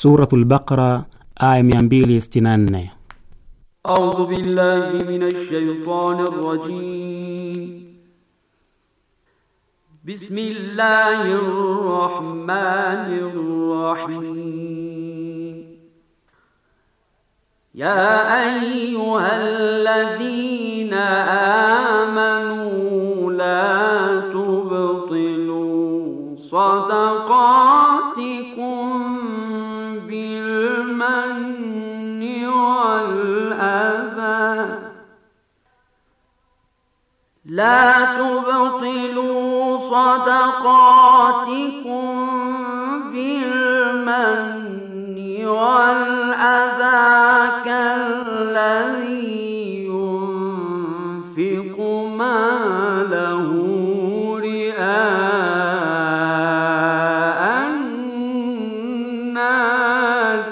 Sura al-Baqara aya 264. A'udhu billahi minash shaitanir rajim. Bismillahir rahmanir rahim. Ya ayyuhalladhina amanu la tubtilu صدقات لا تبطلوا صدقاتكم بالمن والأذى كالذي ينفق ماله رئاء الناس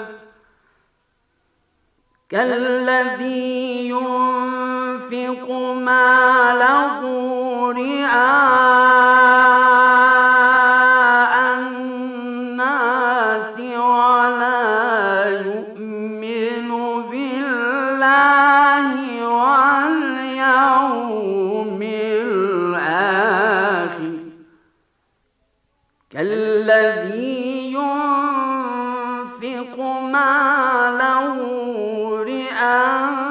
كالذي down.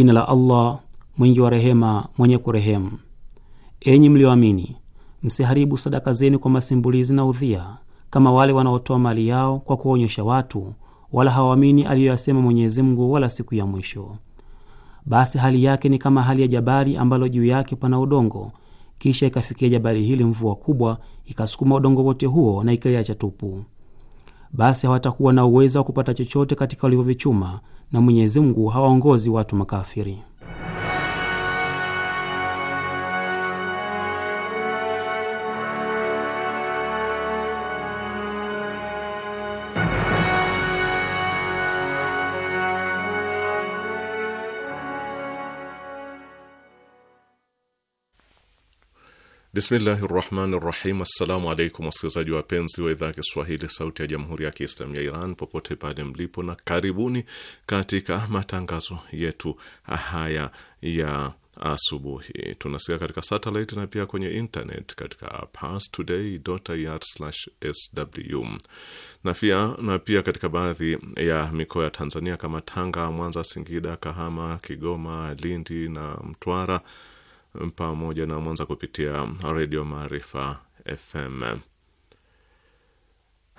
jina la Allah mwingi wa rehema, mwenye kurehemu. Enyi mlioamini, msiharibu sadaka zenu kwa masimbulizi na udhia, kama wale wanaotoa mali yao kwa kuwaonyesha watu, wala hawaamini aliyoyasema Mwenyezi Mungu wala siku ya mwisho. Basi hali yake ni kama hali ya jabali ambalo juu yake pana udongo, kisha ikafikia jabali hili mvua kubwa, ikasukuma udongo wote huo na ikaliacha tupu. Basi hawatakuwa na uwezo wa kupata chochote katika walivyovichuma na Mwenyezi Mungu hawaongozi watu makafiri. Bismillahi rahmani rahim. Assalamu alaikum wasikilizaji wapenzi wa idhaa ya Kiswahili sauti ya jamhuri ya Kiislamu ya Iran popote pale mlipo, na karibuni katika matangazo yetu haya ya asubuhi. Tunasikia katika satelit na pia kwenye internet katika parstoday.ir/sw na pia, na pia katika baadhi ya mikoa ya Tanzania kama Tanga, Mwanza, Singida, Kahama, Kigoma, Lindi na Mtwara pamoja na Mwanza kupitia Redio Maarifa FM.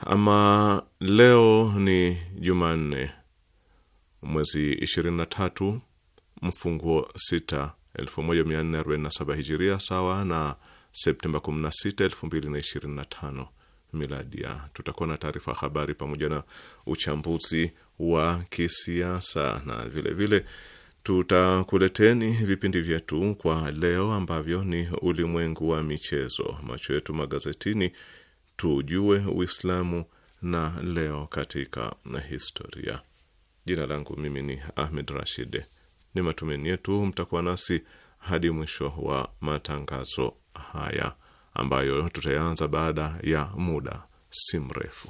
Ama leo ni Jumanne, mwezi 23 mfunguo 6 1447 hijiria sawa na Septemba 16 2025 miladia. Tutakuwa na taarifa habari pamoja na uchambuzi wa kisiasa na vilevile vile Tutakuleteni vipindi vyetu kwa leo ambavyo ni ulimwengu wa michezo, macho yetu magazetini, tujue Uislamu na leo katika historia. Jina langu mimi ni Ahmed Rashid. Ni matumaini yetu mtakuwa nasi hadi mwisho wa matangazo haya ambayo tutaanza baada ya muda si mrefu.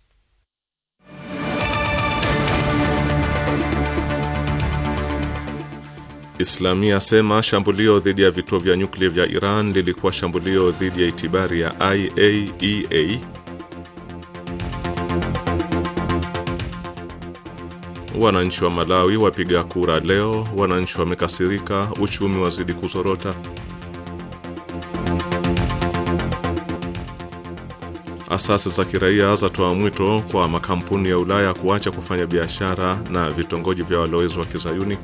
Islamia asema shambulio dhidi ya vituo vya nyuklia vya Iran lilikuwa shambulio dhidi ya itibari ya IAEA. E wananchi wa Malawi wapiga kura leo, wananchi wamekasirika, uchumi wazidi kuzorota. Asasi za kiraia zatoa mwito kwa makampuni ya Ulaya kuacha kufanya biashara na vitongoji vya walowezi wa Kizayuni.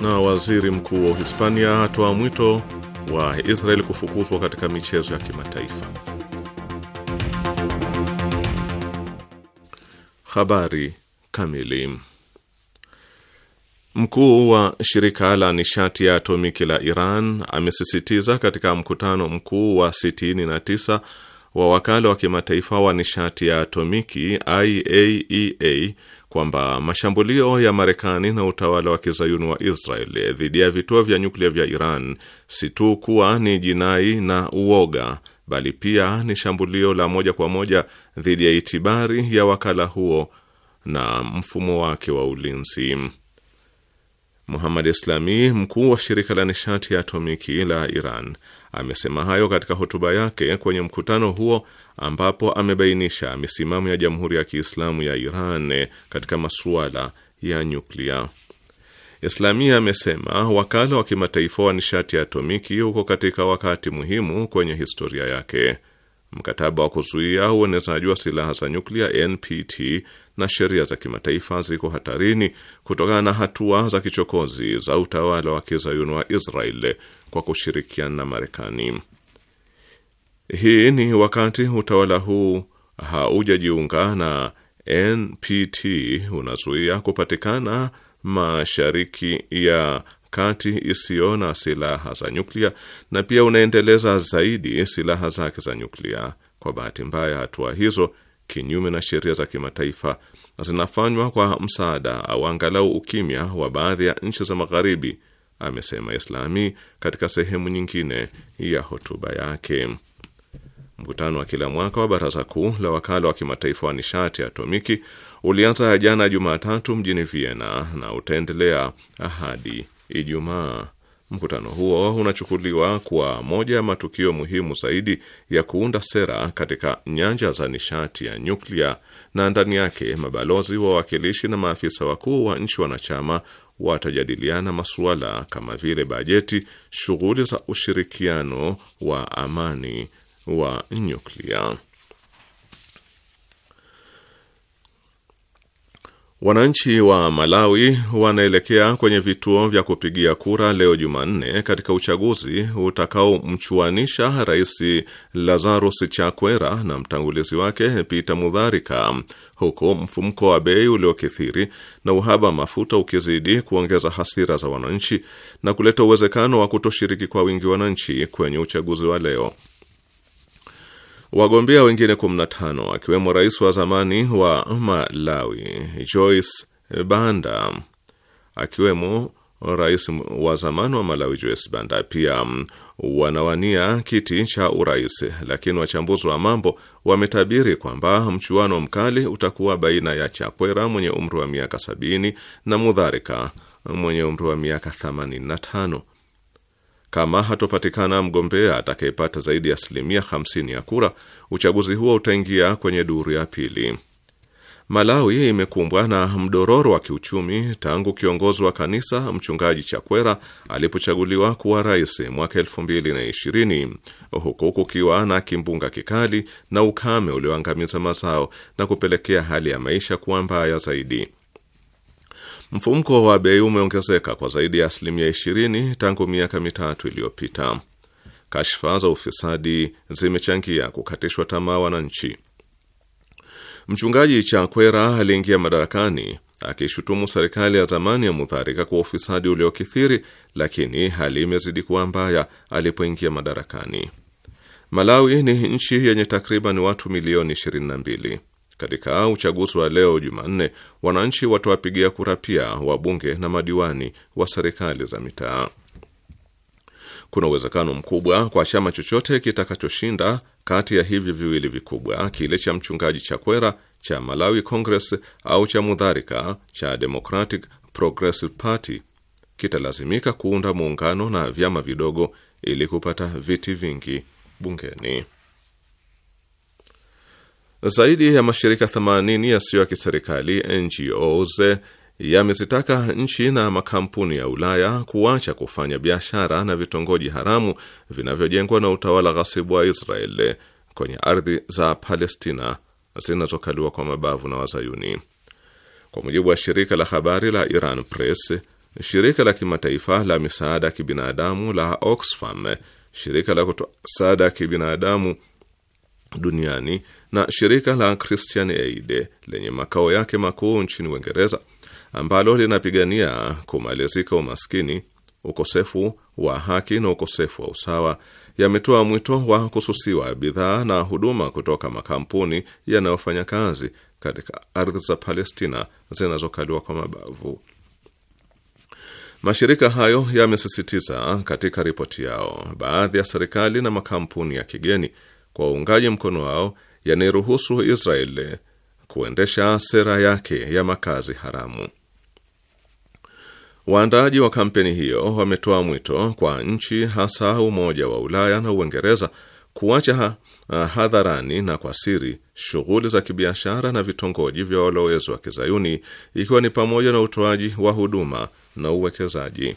na waziri mkuu wa Uhispania atoa mwito wa Israeli kufukuzwa katika michezo ya kimataifa. Habari kamili. Mkuu wa shirika la nishati ya atomiki la Iran amesisitiza katika mkutano mkuu wa 69 wa wakala wa kimataifa wa nishati ya atomiki IAEA e kwamba mashambulio ya Marekani na utawala wa kizayuni wa Israel dhidi ya vituo vya nyuklia vya Iran si tu kuwa ni jinai na uoga, bali pia ni shambulio la moja kwa moja dhidi ya itibari ya wakala huo na mfumo wake wa ulinzi. Muhammad Islami, mkuu wa shirika la nishati ya atomiki la Iran, amesema hayo katika hotuba yake kwenye mkutano huo ambapo amebainisha misimamo ya Jamhuri ya Kiislamu ya Iran katika masuala ya nyuklia. Islamia amesema wakala wa kimataifa wa nishati ya atomiki uko katika wakati muhimu kwenye historia yake. Mkataba wa kuzuia uenezaji wa silaha za nyuklia NPT na sheria za kimataifa ziko hatarini kutokana na hatua za kichokozi za utawala wa kizayuni wa Israel kwa kushirikiana na Marekani. Hii ni wakati utawala huu haujajiunga na NPT unazuia kupatikana mashariki ya kati isiyo na silaha za nyuklia na pia unaendeleza zaidi silaha zake za nyuklia. Kwa bahati mbaya, hatua hizo kinyume na sheria za kimataifa zinafanywa kwa msaada au angalau ukimya wa baadhi ya nchi za Magharibi, amesema Islami katika sehemu nyingine ya hotuba yake. Mkutano wa kila mwaka wa Baraza Kuu la Wakala wa Kimataifa wa Nishati Atomiki ulianza jana Jumatatu mjini Vienna na utaendelea hadi Ijumaa. Mkutano huo unachukuliwa kuwa moja ya matukio muhimu zaidi ya kuunda sera katika nyanja za nishati ya nyuklia, na ndani yake mabalozi, wawakilishi na maafisa wakuu wa nchi wanachama watajadiliana masuala kama vile bajeti, shughuli za ushirikiano wa amani wa nyuklia. Wananchi wa Malawi wanaelekea kwenye vituo vya kupigia kura leo Jumanne katika uchaguzi utakaomchuanisha Rais Lazarus Chakwera na mtangulizi wake Peter Mutharika, huku mfumko wa bei uliokithiri na uhaba wa mafuta ukizidi kuongeza hasira za wananchi na kuleta uwezekano wa kutoshiriki kwa wingi wananchi kwenye uchaguzi wa leo. Wagombea wengine 15 akiwemo rais wa zamani wa Malawi Joyce Banda, akiwemo rais wa zamani wa Malawi Joyce Banda pia wanawania kiti cha urais, lakini wachambuzi wa mambo wametabiri kwamba mchuano mkali utakuwa baina ya Chakwera mwenye umri wa miaka 70 na Mudharika mwenye umri wa miaka 85. Kama hatopatikana mgombea atakayepata zaidi ya asilimia 50 ya kura, uchaguzi huo utaingia kwenye duru ya pili. Malawi imekumbwa na mdororo wa kiuchumi tangu kiongozi wa kanisa Mchungaji Chakwera alipochaguliwa kuwa rais mwaka 2020 huku kukiwa na kimbunga kikali na ukame ulioangamiza mazao na kupelekea hali ya maisha kuwa mbaya zaidi. Mfumko wa bei umeongezeka kwa zaidi ya asilimia 20 tangu miaka mitatu iliyopita. Kashfa za ufisadi zimechangia kukatishwa tamaa wananchi. Mchungaji Chakwera aliingia madarakani akishutumu serikali ya zamani ya Mudharika kwa ufisadi uliokithiri, lakini hali imezidi kuwa mbaya alipoingia madarakani. Malawi ni nchi yenye takriban watu milioni 22. Katika uchaguzi wa leo Jumanne, wananchi watawapigia kura pia wabunge na madiwani wa serikali za mitaa. Kuna uwezekano mkubwa kwa chama chochote kitakachoshinda kati ya hivi viwili vikubwa, kile cha mchungaji Chakwera cha Malawi Congress au cha Mudharika cha Democratic Progressive Party kitalazimika kuunda muungano na vyama vidogo ili kupata viti vingi bungeni. Zaidi ya mashirika 80 yasiyo ya kiserikali NGOs yamezitaka nchi na makampuni ya Ulaya kuacha kufanya biashara na vitongoji haramu vinavyojengwa na utawala ghasibu wa Israel kwenye ardhi za Palestina zinazokaliwa kwa mabavu na Wazayuni. Kwa mujibu wa shirika la habari la Iran Press, shirika la kimataifa la misaada ya kibinadamu la Oxfam, shirika la kutoa misaada ya kibinadamu duniani na shirika la Christian Aid lenye makao yake makuu nchini Uingereza ambalo linapigania kumalizika umaskini, ukosefu wa haki na ukosefu wa usawa yametoa mwito wa kususiwa bidhaa na huduma kutoka makampuni yanayofanya kazi katika ardhi za Palestina zinazokaliwa kwa mabavu. Mashirika hayo yamesisitiza katika ripoti yao baadhi ya serikali na makampuni ya kigeni kwa uungaji mkono wao yanairuhusu Israeli kuendesha sera yake ya makazi haramu. Waandaaji wa kampeni hiyo wametoa mwito kwa nchi hasa Umoja wa Ulaya na Uingereza kuacha uh, hadharani na kwa siri shughuli za kibiashara na vitongoji vya walowezi wa Kizayuni, ikiwa ni pamoja na utoaji wa huduma na uwekezaji.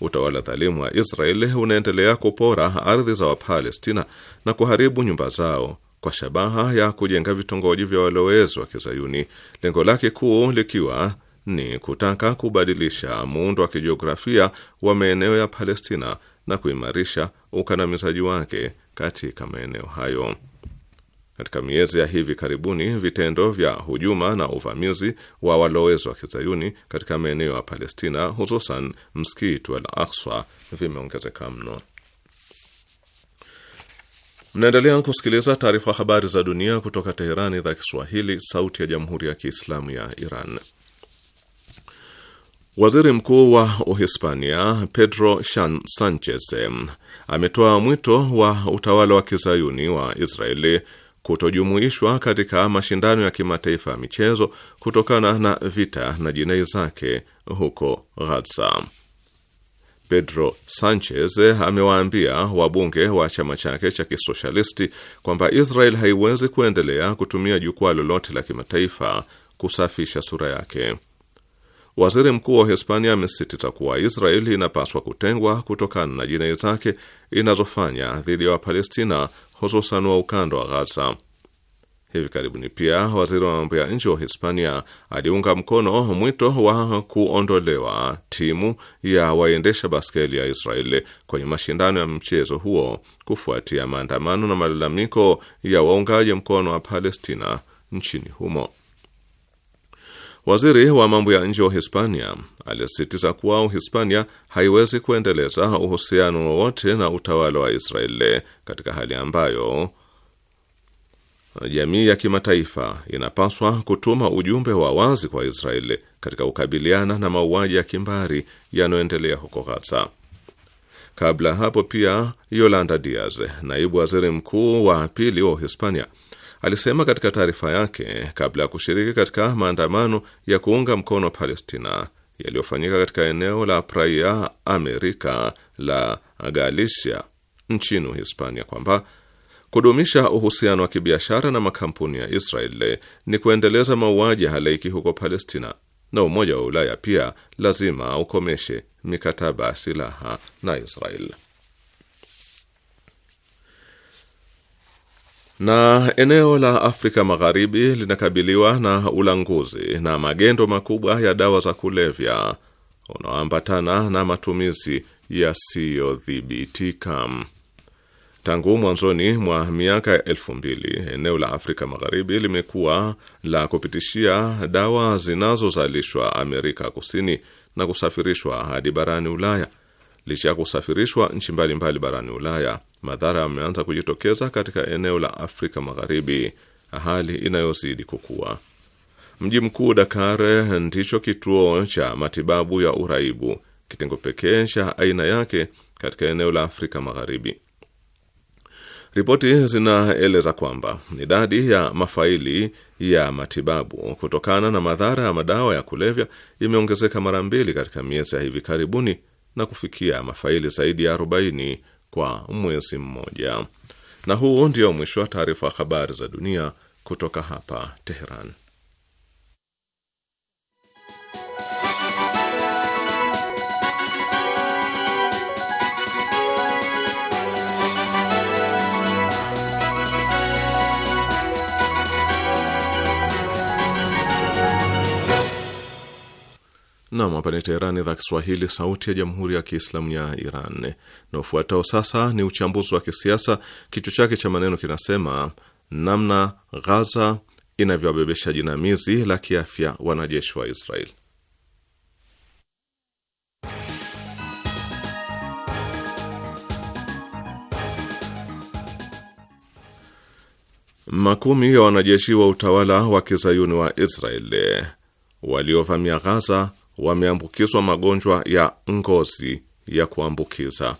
Utawala dhalimu wa Israeli unaendelea kupora ardhi za Wapalestina na kuharibu nyumba zao kwa shabaha ya kujenga vitongoji vya walowezi wa Kizayuni, lengo lake kuu likiwa ni kutaka kubadilisha muundo wa kijiografia wa maeneo ya Palestina na kuimarisha ukandamizaji wake katika maeneo hayo. Katika miezi ya hivi karibuni, vitendo vya hujuma na uvamizi wa walowezi wa Kizayuni katika maeneo ya Palestina, hususan msikiti wa al vimeongezeka mno. Mnaendelea kusikiliza taarifa habari za dunia kutoka Teherani, idhaa Kiswahili, sauti ya jamhuri ya kiislamu ya Iran. Waziri mkuu wa Uhispania Pedro Sanchez ametoa mwito wa utawala wa kizayuni wa Israeli kutojumuishwa katika mashindano ya kimataifa ya michezo kutokana na vita na jinai zake huko Ghaza. Pedro Sanchez eh, amewaambia wabunge wa chama chake cha kisoshalisti kwamba Israel haiwezi kuendelea kutumia jukwaa lolote la kimataifa kusafisha sura yake. Waziri Mkuu wa Hispania amesisitiza kuwa Israel inapaswa kutengwa kutokana na jinai zake inazofanya dhidi ya Wapalestina, hususan wa ukanda wa ghaza Hivi karibuni pia waziri wa mambo ya nje wa Hispania aliunga mkono mwito wa kuondolewa timu ya waendesha baskeli ya Israeli kwenye mashindano ya mchezo huo kufuatia maandamano na malalamiko ya waungaji mkono wa Palestina nchini humo. Waziri wa mambo ya nje wa Hispania alisisitiza kuwa Uhispania haiwezi kuendeleza uhusiano wowote na utawala wa Israeli katika hali ambayo jamii ya kimataifa inapaswa kutuma ujumbe wa wazi kwa Israeli katika kukabiliana na mauaji ya kimbari yanayoendelea huko Gaza. Kabla ya hapo pia, Yolanda Diaz, naibu waziri mkuu wa pili wa Uhispania, alisema katika taarifa yake kabla ya kushiriki katika maandamano ya kuunga mkono Palestina yaliyofanyika katika eneo la Praia Amerika la Galicia nchini Uhispania kwamba Kudumisha uhusiano wa kibiashara na makampuni ya Israel ni kuendeleza mauaji halaiki huko Palestina, na Umoja wa Ulaya pia lazima ukomeshe mikataba ya silaha na Israel. Na eneo la Afrika Magharibi linakabiliwa na ulanguzi na magendo makubwa ya dawa za kulevya unaoambatana na matumizi yasiyodhibitika. Tangu mwanzoni mwa miaka ya elfu mbili eneo la Afrika Magharibi limekuwa la kupitishia dawa zinazozalishwa Amerika Kusini na kusafirishwa hadi barani Ulaya. Licha ya kusafirishwa nchi mbalimbali barani Ulaya, madhara yameanza kujitokeza katika eneo la Afrika Magharibi, hali inayozidi kukua. Mji mkuu Dakar ndicho kituo cha matibabu ya uraibu, kitengo pekee cha aina yake katika eneo la Afrika Magharibi. Ripoti zinaeleza kwamba idadi ya mafaili ya matibabu kutokana na madhara ya madawa ya kulevya imeongezeka mara mbili katika miezi ya hivi karibuni na kufikia mafaili zaidi ya 40 kwa mwezi mmoja. Na huu ndio mwisho wa taarifa habari za dunia kutoka hapa Teheran. Nam, hapa ni Teherani, idhaa Kiswahili, sauti ya jamhuri ya kiislamu ya Iran. Na ufuatao sasa ni uchambuzi wa kisiasa, kichwa chake cha maneno kinasema namna Ghaza inavyowabebesha jinamizi la kiafya wanajeshi wa Israeli. Makumi ya wanajeshi wa utawala wa kizayuni wa Israeli waliovamia Ghaza wameambukizwa magonjwa ya ngozi ya kuambukiza.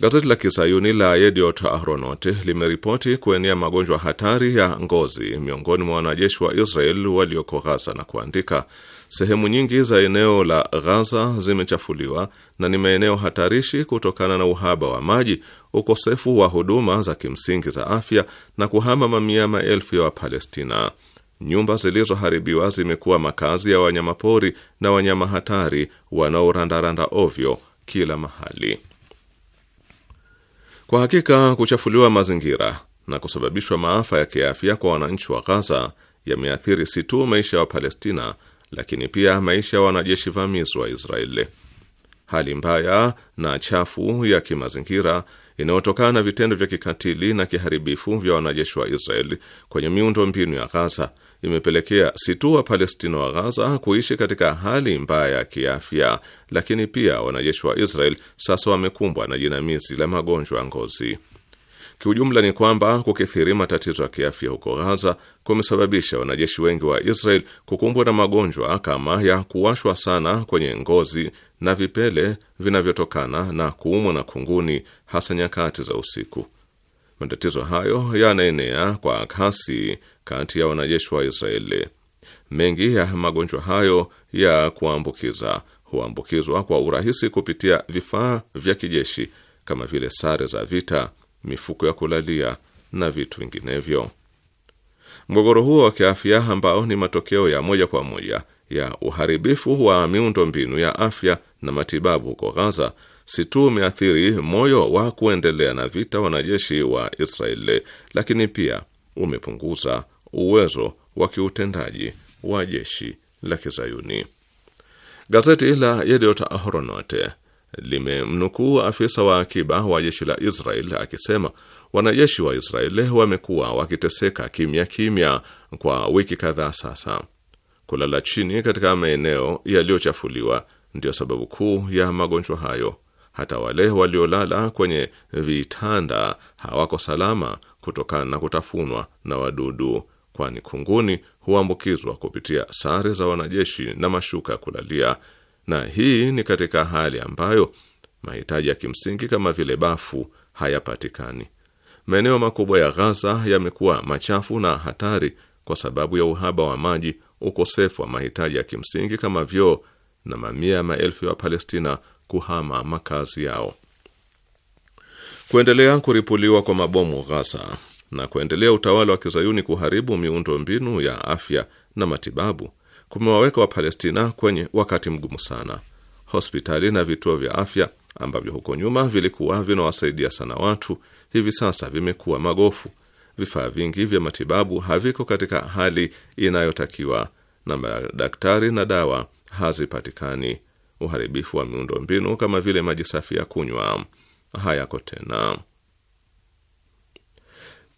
Gazeti la kisayuni la Yediot Ahronot limeripoti kuenea magonjwa hatari ya ngozi miongoni mwa wanajeshi wa Israel walioko Ghaza na kuandika, sehemu nyingi za eneo la Ghaza zimechafuliwa na ni maeneo hatarishi kutokana na uhaba wa maji, ukosefu wa huduma za kimsingi za afya na kuhama mamia maelfu ya Wapalestina. Nyumba zilizoharibiwa zimekuwa makazi ya wanyamapori na wanyama hatari wanaorandaranda ovyo kila mahali. Kwa hakika kuchafuliwa mazingira na kusababishwa maafa ya kiafya kwa wananchi wa Ghaza yameathiri si tu maisha ya Wapalestina, lakini pia maisha ya wanajeshi vamizi wa Israeli. Hali mbaya na chafu ya kimazingira inayotokana na vitendo vya kikatili na kiharibifu vya wanajeshi wa Israeli kwenye miundo mbinu ya Ghaza imepelekea si tu wa Palestina wa Ghaza kuishi katika hali mbaya ya kiafya, lakini pia wanajeshi wa Israel sasa wamekumbwa na jinamizi la magonjwa ya ngozi. Kiujumla ni kwamba kukithiri matatizo ya kiafya huko Ghaza kumesababisha wanajeshi wengi wa Israel kukumbwa na magonjwa kama ya kuwashwa sana kwenye ngozi na vipele vinavyotokana na kuumwa na kunguni, hasa nyakati za usiku. Matatizo hayo yanaenea kwa kasi kati ya wanajeshi wa Israeli. Mengi ya magonjwa hayo ya kuambukiza huambukizwa kwa urahisi kupitia vifaa vya kijeshi kama vile sare za vita, mifuko ya kulalia na vitu vinginevyo. Mgogoro huo wa kiafya ambao ni matokeo ya moja kwa moja ya uharibifu wa miundo mbinu ya afya na matibabu huko Gaza si tu umeathiri moyo wa kuendelea na vita wanajeshi wa Israeli, lakini pia umepunguza uwezo wa kiutendaji wa jeshi la Kizayuni. Gazeti la Yediot Ahronot limemnukuu afisa wa akiba wa jeshi la Israel akisema wanajeshi wa Israeli wamekuwa wakiteseka kimya kimya kwa wiki kadhaa sasa. Kulala chini katika maeneo yaliyochafuliwa ndiyo sababu kuu ya magonjwa hayo. Hata wale waliolala kwenye vitanda hawako salama kutokana na kutafunwa na wadudu, kwani kunguni huambukizwa kupitia sare za wanajeshi na mashuka ya kulalia, na hii ni katika hali ambayo mahitaji ya kimsingi kama vile bafu hayapatikani. Maeneo makubwa ya Ghaza yamekuwa machafu na hatari kwa sababu ya uhaba wa maji, ukosefu wa mahitaji ya kimsingi kama vyoo, na mamia ya maelfu ya Wapalestina kuhama makazi yao. Kuendelea kuripuliwa kwa mabomu Ghaza na kuendelea utawala wa kizayuni kuharibu miundo mbinu ya afya na matibabu kumewaweka Wapalestina kwenye wakati mgumu sana. Hospitali na vituo vya afya ambavyo huko nyuma vilikuwa vinawasaidia sana watu, hivi sasa vimekuwa magofu. Vifaa vingi vya matibabu haviko katika hali inayotakiwa na madaktari na dawa hazipatikani uharibifu wa miundo mbinu kama vile maji safi ya kunywa hayako tena.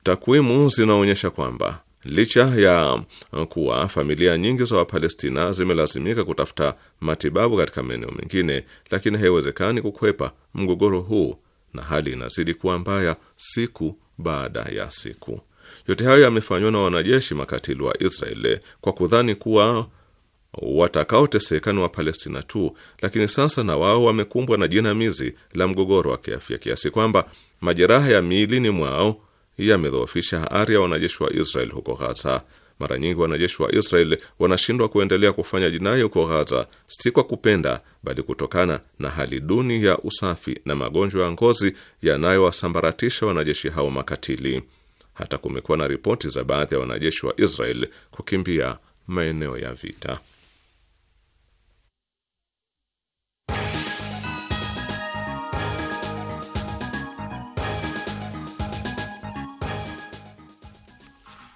Takwimu zinaonyesha kwamba licha ya kuwa familia nyingi za Wapalestina zimelazimika kutafuta matibabu katika maeneo mengine, lakini haiwezekani kukwepa mgogoro huu na hali inazidi kuwa mbaya siku baada ya siku. Yote hayo yamefanywa na wanajeshi makatili wa Israeli kwa kudhani kuwa watakaoteseka ni Wapalestina tu, lakini sasa na wao wamekumbwa na jinamizi la mgogoro wa kiafya kiasi kwamba majeraha ya miilini mwao yamedhoofisha ari ya wanajeshi wa Israel huko Ghaza. Mara nyingi wanajeshi wa Israel wanashindwa kuendelea kufanya jinai huko Ghaza, si kwa kupenda, bali kutokana na hali duni ya usafi na magonjwa ya ngozi yanayowasambaratisha wanajeshi hao makatili. Hata kumekuwa na ripoti za baadhi ya wanajeshi wa Israel kukimbia maeneo ya vita.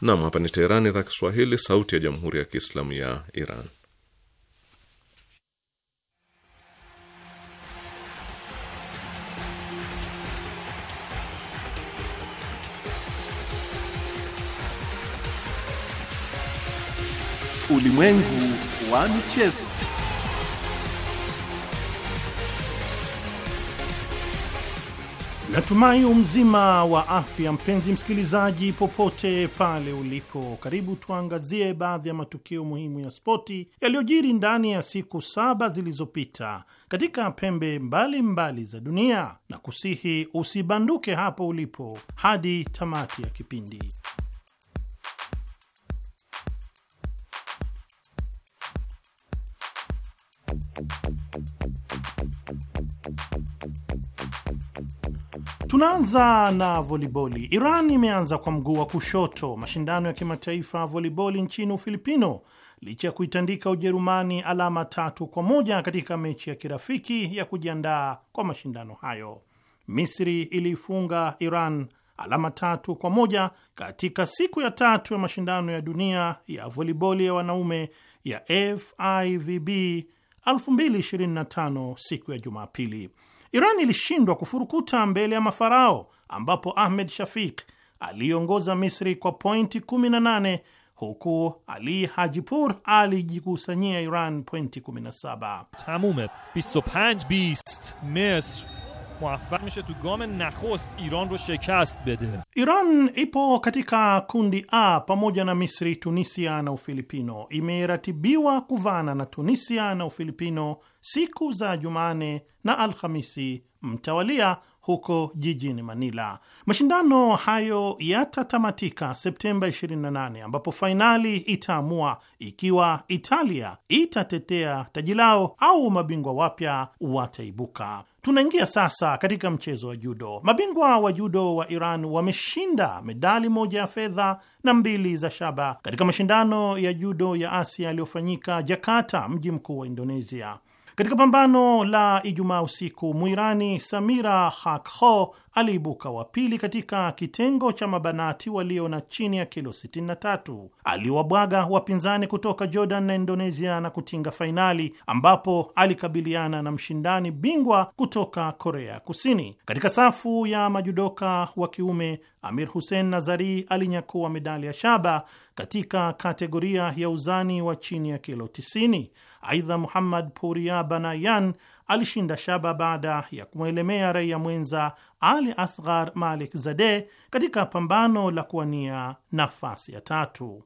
Nam, hapa ni Teherani, idhaa Kiswahili, sauti ya jamhuri ya kiislamu ya Iran. Ulimwengu wa michezo. Natumai umzima wa afya, mpenzi msikilizaji, popote pale ulipo. Karibu tuangazie baadhi ya matukio muhimu ya spoti yaliyojiri ndani ya siku saba zilizopita katika pembe mbalimbali mbali za dunia, na kusihi usibanduke hapo ulipo hadi tamati ya kipindi. Tunaanza na voliboli. Iran imeanza kwa mguu wa kushoto mashindano ya kimataifa ya voliboli nchini Ufilipino licha ya kuitandika Ujerumani alama tatu kwa moja katika mechi ya kirafiki ya kujiandaa kwa mashindano hayo. Misri iliifunga Iran alama tatu kwa moja katika siku ya tatu ya mashindano ya dunia ya voliboli ya wanaume ya FIVB 2025 siku ya Jumapili. Iran ilishindwa kufurukuta mbele ya mafarao, ambapo Ahmed Shafik aliongoza Misri kwa pointi 18 huku Ali Hajipur alijikusanyia Iran pointi 17. موفق میشه تو گام نخست ایران رو شکست بده. ایران ipo katika kundi A pamoja na Misri, Tunisia na Ufilipino. Imeratibiwa kuvana na Tunisia na Ufilipino siku za Jumane na Alhamisi mtawalia huko jijini Manila. Mashindano hayo yatatamatika Septemba 28 ambapo fainali itaamua ikiwa Italia itatetea taji lao au mabingwa wapya wataibuka. Tunaingia sasa katika mchezo wa judo. Mabingwa wa judo wa Iran wameshinda medali moja ya fedha na mbili za shaba katika mashindano ya judo ya Asia yaliyofanyika Jakarta, mji mkuu wa Indonesia. Katika pambano la Ijumaa usiku, Mwirani Samira Hakho aliibuka wa pili katika kitengo cha mabanati walio na chini ya kilo 63. Aliwabwaga wapinzani kutoka Jordan na Indonesia na kutinga fainali ambapo alikabiliana na mshindani bingwa kutoka Korea Kusini. Katika safu ya majudoka wa kiume, Amir Hussein Nazari alinyakua medali ya shaba katika kategoria ya uzani wa chini ya kilo 90. Aidha, Muhammad Puria Banayan alishinda shaba baada ya kumwelemea raia mwenza Ali Asghar Malik Zade katika pambano la kuwania nafasi ya tatu.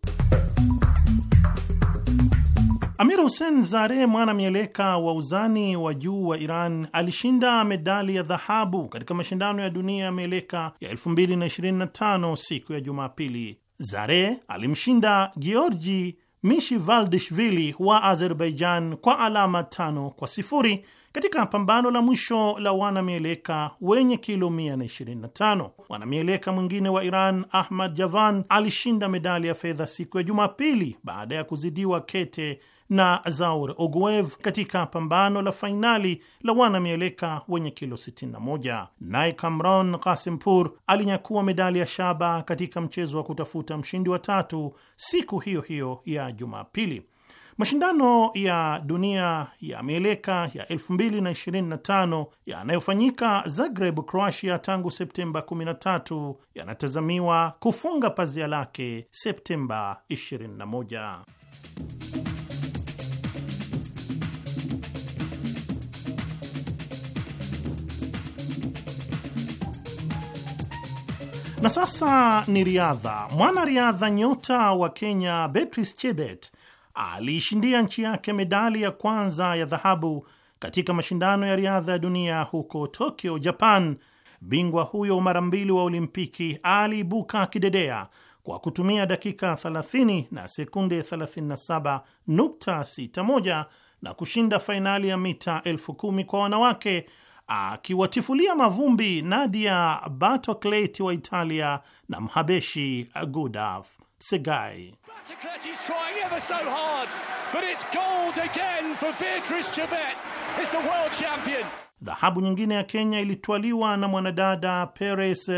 Amir Hussein Zare, mwana mieleka wa uzani wa juu wa Iran, alishinda medali ya dhahabu katika mashindano ya dunia ya mieleka ya 2025 siku ya Jumapili. Zare alimshinda Georgi Mishi Valdishvili wa Azerbaijan kwa alama tano kwa sifuri katika pambano la mwisho la wanamieleka wenye kilo 125. Wanamieleka mwingine wa Iran Ahmad Javan alishinda medali ya fedha siku ya Jumapili baada ya kuzidiwa kete na Zaur Oguev katika pambano la fainali la wanamieleka wenye kilo 61. Naye Kamron Kasimpur alinyakua medali ya shaba katika mchezo wa kutafuta mshindi wa tatu siku hiyo hiyo ya Jumapili. Mashindano ya dunia ya mieleka ya 2025 yanayofanyika Zagreb, Croatia, tangu Septemba 13 yanatazamiwa kufunga pazia lake Septemba 21. Na sasa ni riadha. Mwanariadha nyota wa Kenya Beatrice Chebet aliishindia nchi yake medali ya kwanza ya dhahabu katika mashindano ya riadha ya dunia huko Tokyo, Japan. Bingwa huyo mara mbili wa Olimpiki aliibuka akidedea kwa kutumia dakika 30 na sekunde 37.61 na kushinda fainali ya mita elfu kumi kwa wanawake akiwatifulia mavumbi Nadia Batoclet wa Italia na Mhabeshi Gudaf Segai. Dhahabu nyingine ya Kenya ilitwaliwa na mwanadada Peres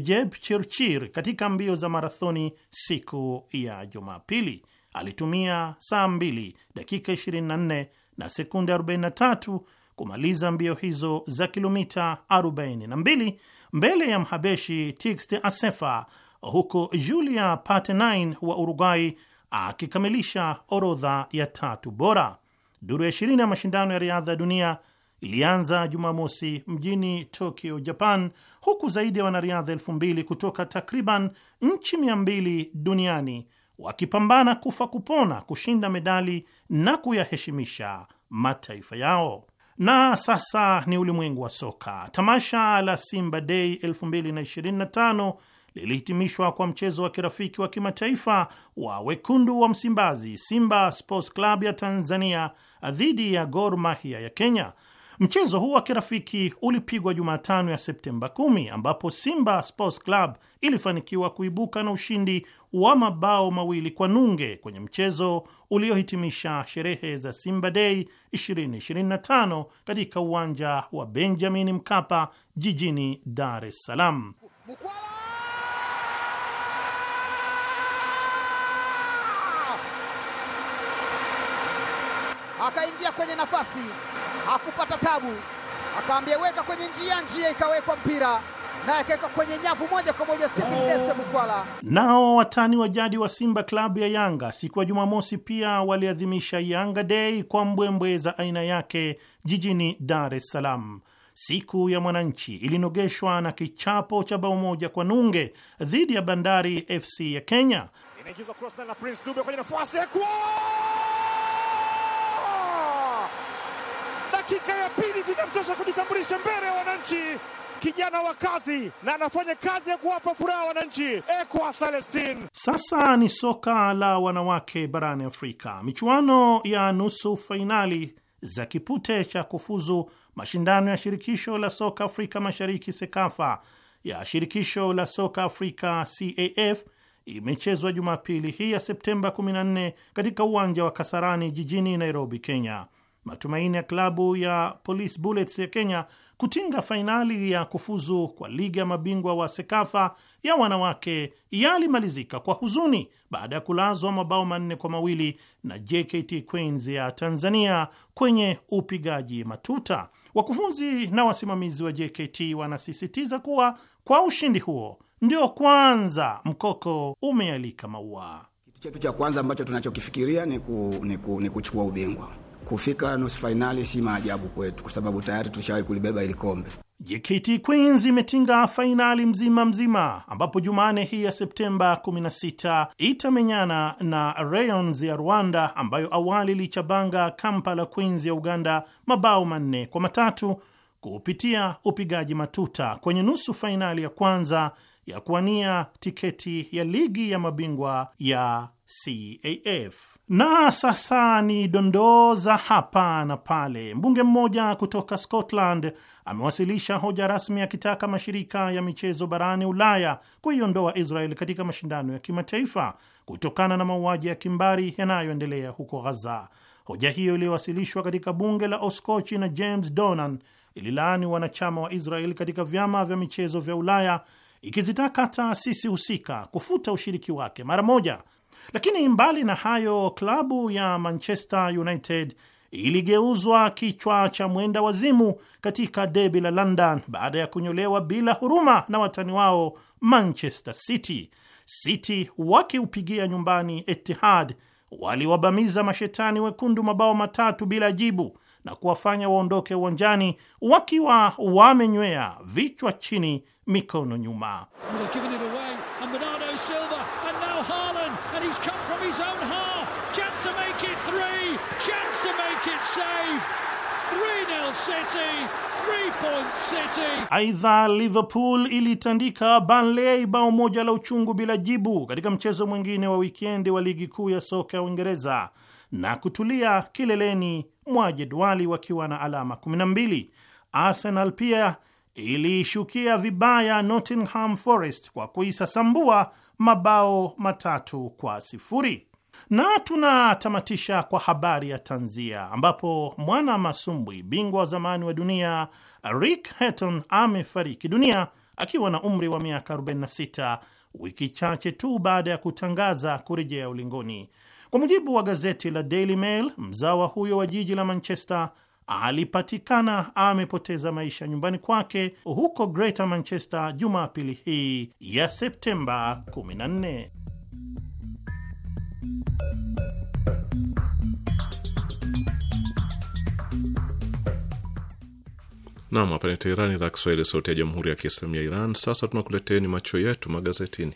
Jepchirchir katika mbio za marathoni siku ya Jumapili. Alitumia saa 2 dakika 24 na sekunde 43 kumaliza mbio hizo za kilomita 42 mbele ya Mhabeshi tixt Asefa, huko Julia Paternain wa Uruguay akikamilisha orodha ya tatu bora. Duru ya ishirini ya mashindano ya riadha ya dunia ilianza Jumamosi mjini Tokyo, Japan, huku zaidi ya wanariadha elfu mbili kutoka takriban nchi mia mbili duniani wakipambana kufa kupona kushinda medali na kuyaheshimisha mataifa yao. Na sasa ni ulimwengu wa soka. Tamasha la Simba Day 2025 lilihitimishwa kwa mchezo wa kirafiki wa kimataifa wa wekundu wa Msimbazi, Simba Sports Club ya Tanzania dhidi ya Gor Mahia ya Kenya, Mchezo huu wa kirafiki ulipigwa Jumatano ya Septemba 10 ambapo Simba Sports Club ilifanikiwa kuibuka na ushindi wa mabao mawili kwa nunge kwenye mchezo uliohitimisha sherehe za Simba Day 2025 katika uwanja wa Benjamin Mkapa jijini Dar es Salaam. Akaingia kwenye nafasi hakupata tabu, akaambia weka kwenye njia, njia ikawekwa mpira naye akaweka kwenye nyavu moja kwa moja Stephen Dese oh. Mukwala. Nao watani wa jadi wa Simba klabu ya Yanga siku ya Jumamosi pia waliadhimisha Yanga Day kwa mbwembwe za aina yake jijini Dar es Salaam. Siku ya Mwananchi ilinogeshwa na kichapo cha bao moja kwa nunge dhidi ya Bandari FC ya Kenya. Inaingizwa cross na Prince Dube kwenye nafasi ya dakika ya pili zinamtosha kujitambulisha mbele ya wananchi kijana wa kazi na anafanya kazi ya kuwapa furaha wananchi. Ekwa Celestine. Sasa ni soka la wanawake barani Afrika. Michuano ya nusu fainali za kipute cha kufuzu mashindano ya shirikisho la soka Afrika Mashariki, SEKAFA, ya shirikisho la soka Afrika, CAF, imechezwa Jumapili hii ya Septemba 14 katika uwanja wa Kasarani jijini Nairobi, Kenya matumaini ya klabu ya Police Bullets ya Kenya kutinga fainali ya kufuzu kwa ligi ya mabingwa wa Sekafa ya wanawake yalimalizika kwa huzuni baada ya kulazwa mabao manne kwa mawili na JKT Queens ya Tanzania kwenye upigaji matuta. Wakufunzi na wasimamizi wa JKT wanasisitiza kuwa kwa ushindi huo ndio kwanza mkoko umealika maua. Kitu chetu cha kwanza ambacho tunachokifikiria ni, ku, ni, ku, ni kuchukua ubingwa kufika nusu fainali si maajabu kwetu, kwa sababu tayari tulishawahi kulibeba ili kombe. JKT Queens imetinga fainali mzima mzima, ambapo Jumane hii ya Septemba 16 itamenyana na Rayons ya Rwanda ambayo awali ilichabanga Kampala Queens ya Uganda mabao manne kwa matatu kupitia upigaji matuta kwenye nusu fainali ya kwanza ya kuwania tiketi ya ligi ya mabingwa ya CAF. Na sasa ni dondoo za hapa na pale. Mbunge mmoja kutoka Scotland amewasilisha hoja rasmi akitaka mashirika ya michezo barani Ulaya kuiondoa Israel katika mashindano ya kimataifa kutokana na mauaji ya kimbari yanayoendelea huko Ghaza. Hoja hiyo iliyowasilishwa katika bunge la Oskochi na James Donan ililaani wanachama wa Israel katika vyama vya michezo vya Ulaya, ikizitaka taasisi husika kufuta ushiriki wake mara moja lakini mbali na hayo, klabu ya Manchester United iligeuzwa kichwa cha mwenda wazimu katika debi la London baada ya kunyolewa bila huruma na watani wao Manchester City. City wakiupigia nyumbani Etihad waliwabamiza mashetani wekundu mabao matatu bila jibu na kuwafanya waondoke uwanjani wakiwa wamenywea vichwa chini, mikono nyuma his own half. Chance to make it three. Chance to make it safe. 3-0 City. Aidha, Liverpool ilitandika Burnley bao moja la uchungu bila jibu katika mchezo mwingine wa wikendi wa ligi kuu ya soka ya Uingereza na kutulia kileleni mwa jedwali wakiwa na alama 12. Arsenal pia iliishukia vibaya Nottingham Forest kwa kuisasambua mabao matatu kwa sifuri na tunatamatisha kwa habari ya tanzia ambapo mwana masumbwi bingwa wa zamani wa dunia Rick Hatton amefariki dunia akiwa na umri wa miaka 46 wiki chache tu baada ya kutangaza kurejea ulingoni. Kwa mujibu wa gazeti la Daily Mail, mzawa huyo wa jiji la Manchester alipatikana amepoteza maisha nyumbani kwake huko Greater Manchester Jumapili hii ya Septemba 14. Nam hapa ni Teherani, idhaa Kiswahili, sauti ya jamhuri ya kiislamu ya Iran. Sasa tunakuleteni macho yetu magazetini.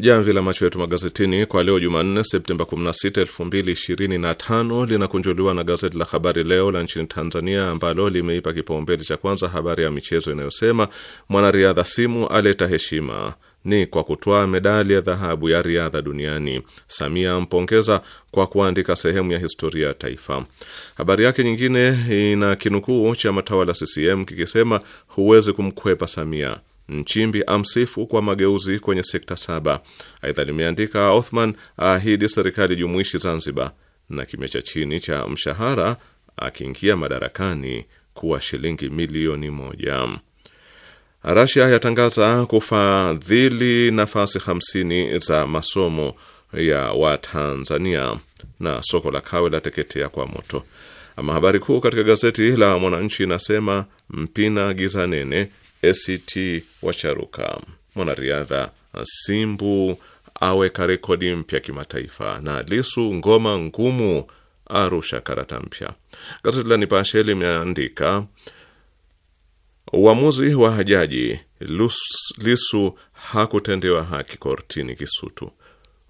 Jamvi la macho yetu magazetini kwa leo Jumanne, Septemba 16, 2025 linakunjuliwa na gazeti la Habari Leo la nchini Tanzania, ambalo limeipa kipaumbele cha kwanza habari ya michezo inayosema mwanariadha simu aleta heshima ni kwa kutwaa medali ya dhahabu ya riadha duniani. Samia ampongeza kwa kuandika sehemu ya historia ya taifa. Habari yake nyingine ina kinukuu cha matawala CCM kikisema huwezi kumkwepa Samia Nchimbi amsifu kwa mageuzi kwenye sekta saba. Aidha limeandika Othman aahidi serikali jumuishi Zanzibar, na kime cha chini cha mshahara akiingia madarakani kuwa shilingi milioni moja. Rasia yatangaza kufadhili nafasi hamsini za masomo ya Watanzania na soko la kawe la teketea kwa moto. Ama habari kuu katika gazeti la Mwananchi inasema Mpina giza nene ACT wacharuka, mwanariadha Simbu aweka rekodi mpya kimataifa, na Lisu ngoma ngumu arusha karata mpya. Gazeti la Nipashe limeandika uamuzi wa hajaji Lisu hakutendewa haki kortini Kisutu.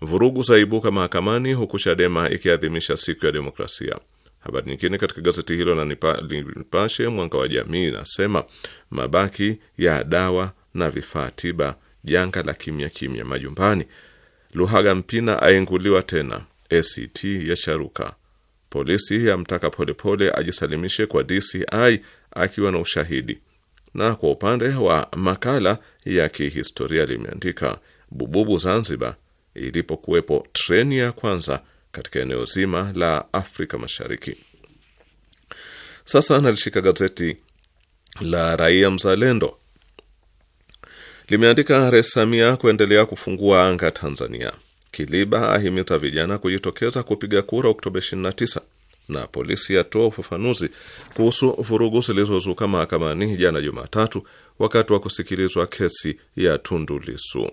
Vurugu zaibuka mahakamani huku Chadema ikiadhimisha siku ya demokrasia. Habari nyingine katika gazeti hilo la Nipashe Mwanga wa Jamii inasema mabaki ya dawa na vifaa tiba, janga la kimya kimya majumbani. Luhaga Mpina aenguliwa tena, ACT ya sharuka. Polisi yamtaka Polepole ajisalimishe kwa DCI akiwa na ushahidi. Na kwa upande wa makala ya kihistoria limeandika bububu Zanzibar ilipokuwepo treni ya kwanza katika eneo zima la Afrika Mashariki. Sasa nalishika gazeti la Raia Mzalendo, limeandika Rais Samia kuendelea kufungua anga Tanzania. Kiliba ahimiza vijana kujitokeza kupiga kura Oktoba 29 na polisi yatoa ufafanuzi kuhusu vurugu zilizozuka mahakamani jana Jumatatu wakati wa kusikilizwa kesi ya Tundu Lissu.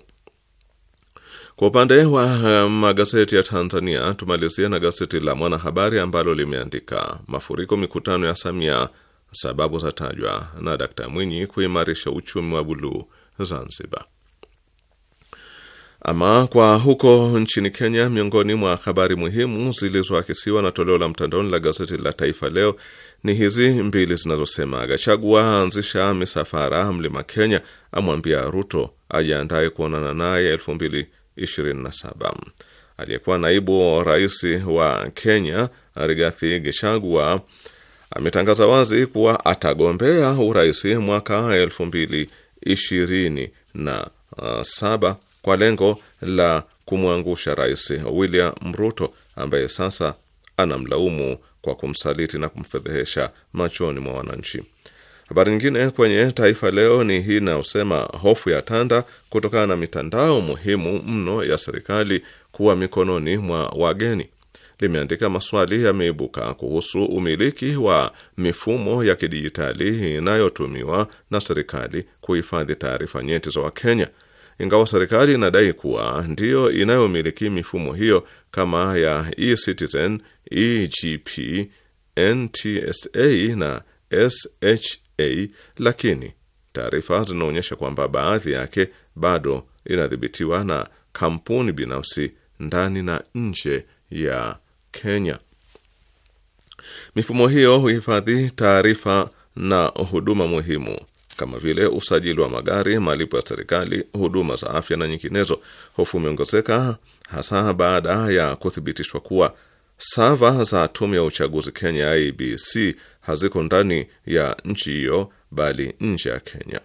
Kwa upande wa eh, magazeti ya Tanzania, tumalizia na gazeti la Mwanahabari ambalo limeandika mafuriko mikutano ya Samia, sababu za tajwa na Dkt Mwinyi kuimarisha uchumi wa buluu Zanzibar. Ama kwa huko nchini Kenya, miongoni mwa habari muhimu zilizoakisiwa na toleo la mtandaoni la gazeti la Taifa Leo ni hizi mbili zinazosema: Gachagua aanzisha misafara mlima Kenya, amwambia Ruto ajiandaye kuonana naye elfu mbili 27. Aliyekuwa naibu rais wa Kenya Rigathi Gachagua ametangaza wazi kuwa atagombea urais mwaka 2027 kwa lengo la kumwangusha Rais William Ruto ambaye sasa anamlaumu kwa kumsaliti na kumfedhehesha machoni mwa wananchi. Habari nyingine kwenye Taifa Leo ni hii inayosema hofu ya tanda kutokana na mitandao muhimu mno ya serikali kuwa mikononi mwa wageni. Limeandika maswali yameibuka kuhusu umiliki wa mifumo ya kidijitali inayotumiwa na serikali kuhifadhi taarifa nyeti za Wakenya. Ingawa serikali inadai kuwa ndiyo inayomiliki mifumo hiyo kama ya eCitizen, EGP, NTSA na SH A, lakini taarifa zinaonyesha kwamba baadhi yake bado inadhibitiwa na kampuni binafsi ndani na nje ya Kenya. Mifumo hiyo huhifadhi taarifa na huduma muhimu kama vile usajili wa magari, malipo ya serikali, huduma za afya na nyinginezo. Hofu imeongezeka hasa baada ya kuthibitishwa kuwa sava za tume ya uchaguzi Kenya IBC haziko ndani ya nchi hiyo bali nje ya Kenya.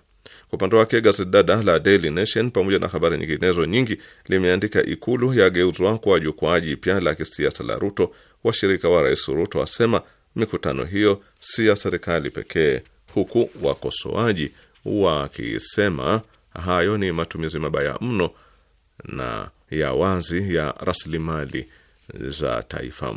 Kwa upande wake gazeti dada la Daily Nation pamoja na habari nyinginezo nyingi limeandika ikulu yageuzwa kuwa jukwaa jipya la kisiasa la Ruto. Washirika wa rais Ruto asema mikutano hiyo si ya serikali pekee, huku wakosoaji wakisema hayo ni matumizi mabaya mno na ya wazi ya rasilimali za taifa.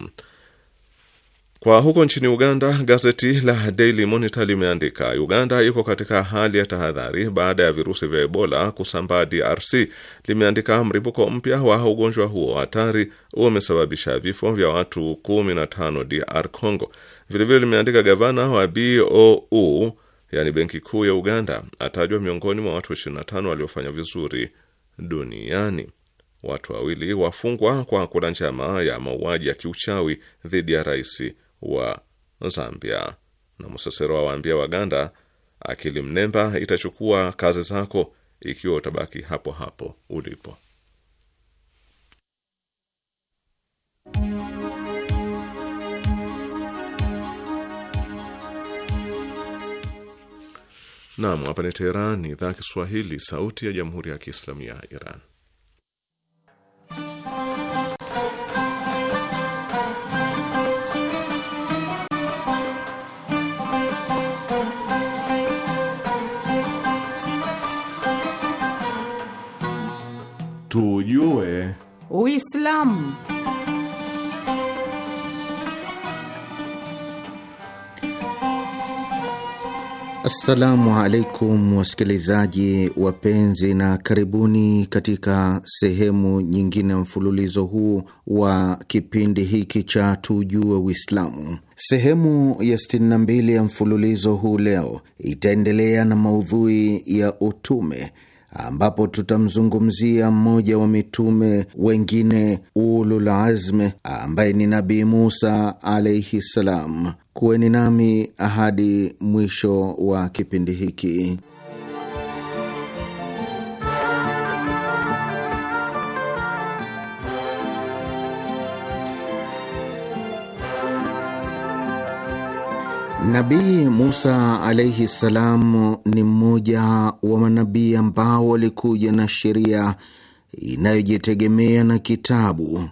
Kwa huko nchini Uganda, gazeti la Daily Monitor limeandika Uganda iko katika hali ya tahadhari baada ya virusi vya Ebola kusambaa DRC. Limeandika mripuko mpya wa ugonjwa huo hatari umesababisha vifo vya watu 15 DR Congo. Vilevile limeandika gavana wa BOU, yani benki kuu ya Uganda, atajwa miongoni mwa watu 25 waliofanya vizuri duniani. Watu wawili wafungwa kwa kula njama ya mauaji ya kiuchawi dhidi ya rais wa Zambia. Na Musasero awaambia Waganda, akili mnemba itachukua kazi zako ikiwa utabaki hapo hapo ulipo. Naam, hapa ni Teheran, ni idhaa ya Kiswahili, sauti ya jamhuri ya kiislamu ya Iran. tujue Uislamu. Assalamu alaikum wasikilizaji wapenzi, na karibuni katika sehemu nyingine ya mfululizo huu wa kipindi hiki cha tujue Uislamu. Sehemu ya 62 ya mfululizo huu leo itaendelea na maudhui ya utume ambapo tutamzungumzia mmoja wa mitume wengine ulul azme ambaye ni Nabii Musa alaihi ssalam. Kuweni nami hadi mwisho wa kipindi hiki. Nabii Musa alaihi salam ni mmoja wa manabii ambao walikuja na sheria inayojitegemea na kitabu.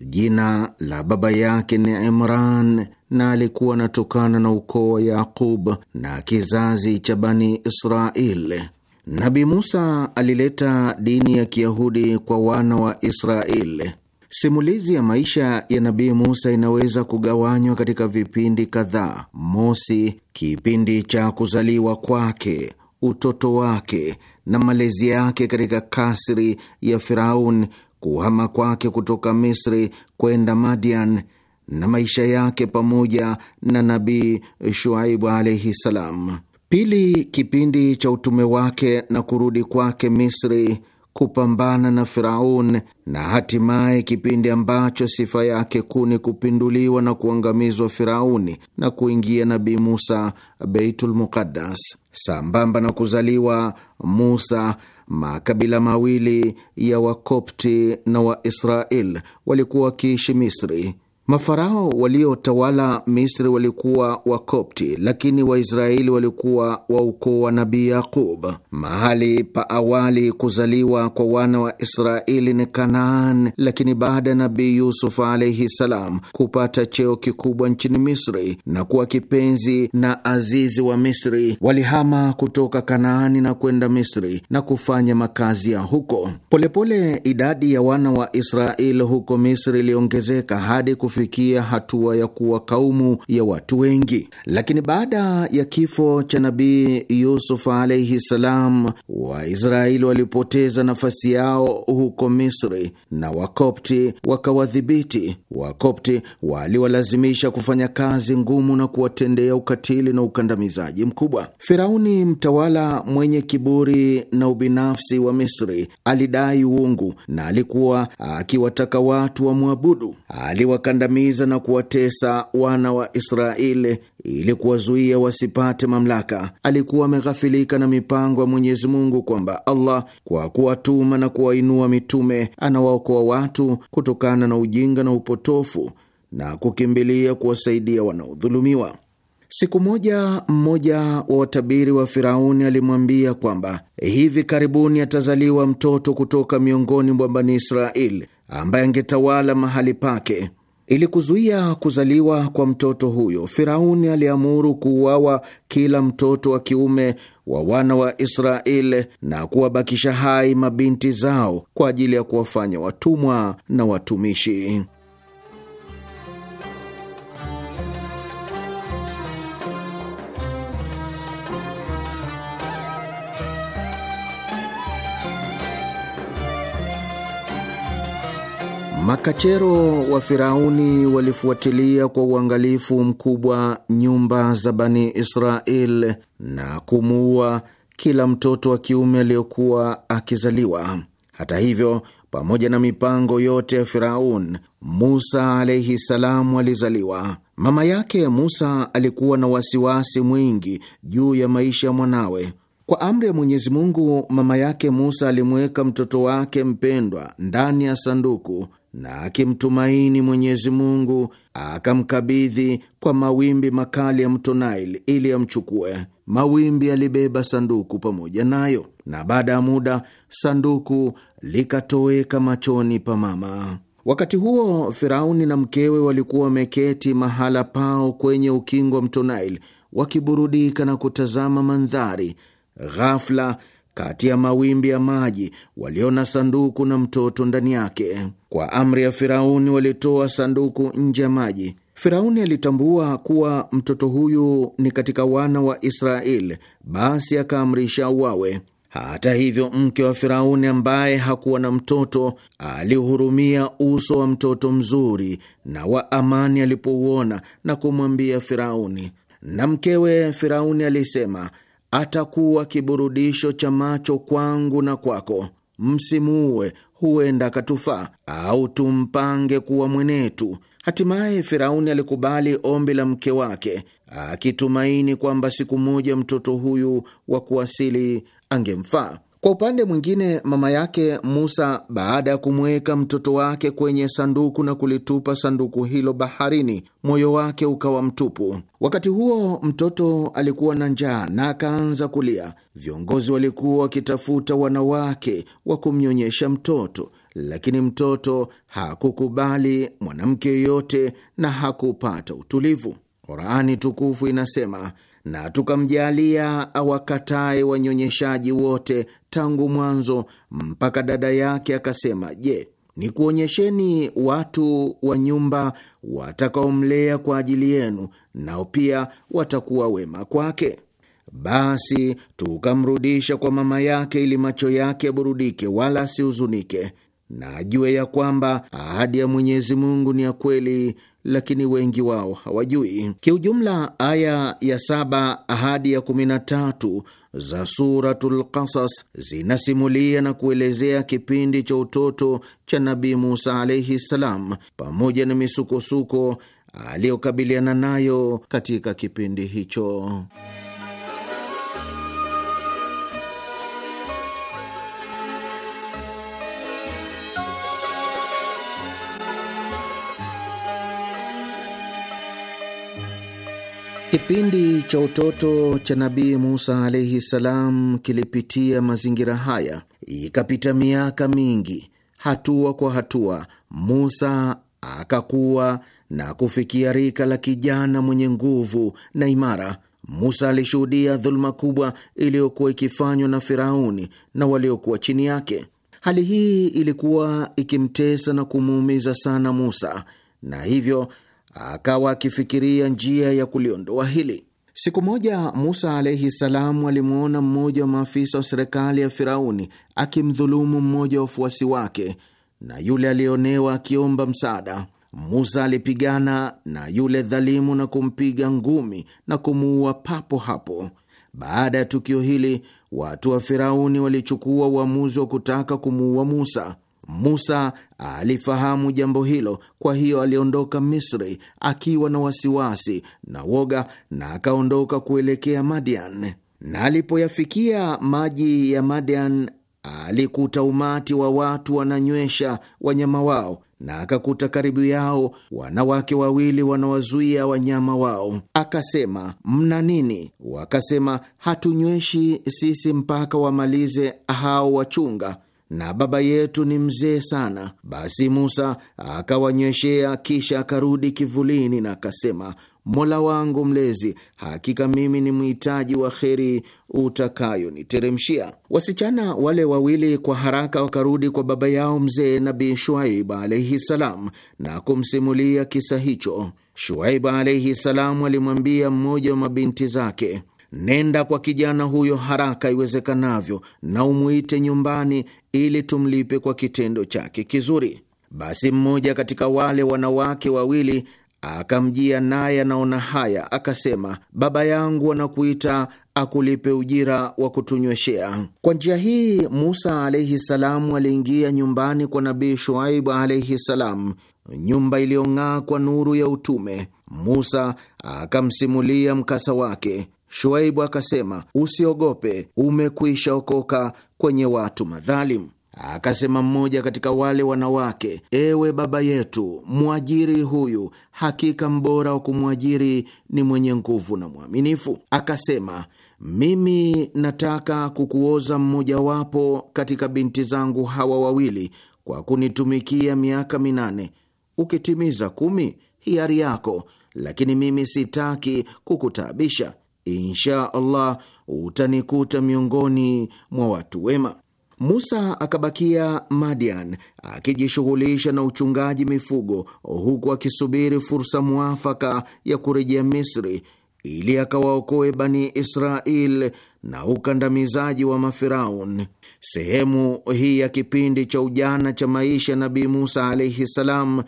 Jina la baba yake ni Imran na alikuwa anatokana na ukoo wa Yaqub na kizazi cha Bani Israel. Nabi Musa alileta dini ya Kiyahudi kwa wana wa Israel Simulizi ya maisha ya Nabii Musa inaweza kugawanywa katika vipindi kadhaa: mosi, kipindi cha kuzaliwa kwake, utoto wake na malezi yake katika kasri ya Firaun, kuhama kwake kutoka Misri kwenda Madian na maisha yake pamoja na Nabii Shuaibu alaihi salam; pili, kipindi cha utume wake na kurudi kwake Misri kupambana na Firaun na hatimaye kipindi ambacho sifa yake kuu ni kupinduliwa na kuangamizwa Firauni na kuingia nabi Musa Beitul Muqaddas. Sambamba na kuzaliwa Musa, makabila mawili ya Wakopti na Waisrael walikuwa wakiishi Misri. Mafarao waliotawala Misri walikuwa Wakopti, lakini Waisraeli walikuwa wa ukoo wa Nabii Yaqub. Mahali pa awali kuzaliwa kwa wana wa Israeli ni Kanaan, lakini baada ya Nabii Yusuf alaihi salam kupata cheo kikubwa nchini Misri na kuwa kipenzi na azizi wa Misri, walihama kutoka Kanaani na kwenda Misri na kufanya makazi ya huko. Polepole idadi ya wana wa Israeli huko Misri iliongezeka hadi kufikia hatua ya kuwa kaumu ya watu wengi. Lakini baada ya kifo cha Nabii Yusuf alaihi salam, Waisraeli walipoteza nafasi yao huko Misri na Wakopti wakawadhibiti. Wakopti waliwalazimisha kufanya kazi ngumu na kuwatendea ukatili na ukandamizaji mkubwa. Firauni, mtawala mwenye kiburi na ubinafsi wa Misri, alidai uungu na alikuwa akiwataka watu wamwabudu aliwakanda kuwakandamiza na kuwatesa wana wa Israeli ili kuwazuia wasipate mamlaka. Alikuwa ameghafilika na mipango ya Mwenyezi Mungu kwamba Allah kwa kuwatuma na kuwainua mitume anawaokoa watu kutokana na ujinga na upotofu na kukimbilia kuwasaidia wanaodhulumiwa. Siku moja mmoja wa watabiri wa Firauni alimwambia kwamba hivi karibuni atazaliwa mtoto kutoka miongoni mwa Bani Israeli ambaye angetawala mahali pake. Ili kuzuia kuzaliwa kwa mtoto huyo, Firauni aliamuru kuuawa kila mtoto wa kiume wa wana wa Israeli na kuwabakisha hai mabinti zao kwa ajili ya kuwafanya watumwa na watumishi. Makachero wa Firauni walifuatilia kwa uangalifu mkubwa nyumba za Bani Israel na kumuua kila mtoto wa kiume aliyokuwa akizaliwa. Hata hivyo, pamoja na mipango yote ya Firaun, Musa alaihi salamu alizaliwa. Mama yake Musa alikuwa na wasiwasi mwingi juu ya maisha ya mwanawe. Kwa amri ya Mwenyezi Mungu, mama yake Musa alimweka mtoto wake mpendwa ndani ya sanduku na akimtumaini Mwenyezi Mungu akamkabidhi kwa mawimbi makali ya mto Nile ili yamchukue. Mawimbi yalibeba sanduku pamoja nayo, na baada ya muda sanduku likatoweka machoni pa mama. Wakati huo Firauni na mkewe walikuwa wameketi mahala pao kwenye ukingo wa mto Nile wakiburudika na kutazama mandhari. Ghafla kati ya mawimbi ya maji waliona sanduku na mtoto ndani yake. Kwa amri ya Firauni walitoa sanduku nje ya maji. Firauni alitambua kuwa mtoto huyu ni katika wana wa Israeli, basi akaamrisha auawe. Hata hivyo, mke wa Firauni ambaye hakuwa na mtoto alihurumia uso wa mtoto mzuri na wa amani alipouona, na kumwambia Firauni. Na mkewe Firauni alisema atakuwa kiburudisho cha macho kwangu na kwako. Msimuue, huenda akatufaa, au tumpange kuwa mwenetu. Hatimaye Firauni alikubali ombi la mke wake, akitumaini kwamba siku moja mtoto huyu wa kuasili angemfaa. Kwa upande mwingine, mama yake Musa, baada ya kumweka mtoto wake kwenye sanduku na kulitupa sanduku hilo baharini, moyo wake ukawa mtupu. Wakati huo mtoto alikuwa na njaa na akaanza kulia. Viongozi walikuwa wakitafuta wanawake wa kumnyonyesha mtoto, lakini mtoto hakukubali mwanamke yoyote na hakupata utulivu. Qurani tukufu inasema na tukamjalia awakatae wanyonyeshaji wote tangu mwanzo mpaka dada yake akasema, Je, nikuonyesheni watu wa nyumba watakaomlea kwa ajili yenu, nao pia watakuwa wema kwake? Basi tukamrudisha kwa mama yake, ili macho yake yaburudike, wala asihuzunike na ajue ya kwamba ahadi ya Mwenyezi Mungu ni ya kweli, lakini wengi wao hawajui. Kiujumla, aya ya saba ahadi ya kumi na tatu za Suratul Qasas zinasimulia na kuelezea kipindi cha utoto cha Nabii Musa alaihi ssalam, pamoja na misukosuko aliyokabiliana nayo katika kipindi hicho. Kipindi cha utoto cha Nabii Musa alaihi salam kilipitia mazingira haya. Ikapita miaka mingi, hatua kwa hatua, Musa akakuwa na kufikia rika la kijana mwenye nguvu na imara. Musa alishuhudia dhuluma kubwa iliyokuwa ikifanywa na Firauni na waliokuwa chini yake. Hali hii ilikuwa ikimtesa na kumuumiza sana Musa, na hivyo akawa akifikiria njia ya kuliondoa hili. Siku moja Musa alaihi salamu alimwona mmoja wa maafisa wa serikali ya Firauni akimdhulumu mmoja wa wafuasi wake, na yule aliyeonewa akiomba msaada. Musa alipigana na yule dhalimu na kumpiga ngumi na kumuua papo hapo. Baada ya tukio hili, watu wa Firauni walichukua uamuzi wa kutaka kumuua Musa. Musa alifahamu jambo hilo, kwa hiyo aliondoka Misri akiwa na wasiwasi na woga, na akaondoka kuelekea Madian. Na alipoyafikia maji ya Madian, alikuta umati wa watu wananywesha wanyama wao na akakuta karibu yao wanawake wawili wanawazuia wanyama wao. Akasema, mna nini? Wakasema, hatunyweshi sisi mpaka wamalize hao wachunga na baba yetu ni mzee sana. Basi Musa akawanyeshea, kisha akarudi kivulini na akasema, Mola wangu Mlezi, hakika mimi ni mhitaji wa kheri utakayoniteremshia. Wasichana wale wawili kwa haraka wakarudi kwa baba yao mzee nabi Shuaib alaihi salam na kumsimulia kisa hicho. Shuaib alaihi salam alimwambia mmoja wa mabinti zake nenda kwa kijana huyo haraka iwezekanavyo na umwite nyumbani ili tumlipe kwa kitendo chake kizuri. Basi mmoja katika wale wanawake wawili akamjia, naye anaona haya, akasema, baba yangu anakuita akulipe ujira wa kutunyweshea. Kwa njia hii Musa alaihi salamu aliingia nyumbani kwa Nabii Shuaibu alaihi salam, nyumba iliyong'aa kwa nuru ya utume. Musa akamsimulia mkasa wake. Shuaibu akasema, usiogope, umekwisha okoka kwenye watu madhalimu. Akasema mmoja katika wale wanawake, ewe baba yetu, mwajiri huyu, hakika mbora wa kumwajiri ni mwenye nguvu na mwaminifu. Akasema, mimi nataka kukuoza mmojawapo katika binti zangu hawa wawili kwa kunitumikia miaka minane. Ukitimiza kumi, hiari yako, lakini mimi sitaki kukutaabisha insha Allah utanikuta miongoni mwa watu wema. Musa akabakia Madian akijishughulisha na uchungaji mifugo, huku akisubiri fursa mwafaka ya kurejea Misri ili akawaokoe Bani Israel na ukandamizaji wa Mafiraun. Sehemu hii ya kipindi cha ujana cha maisha Nabii Musa alaihi salam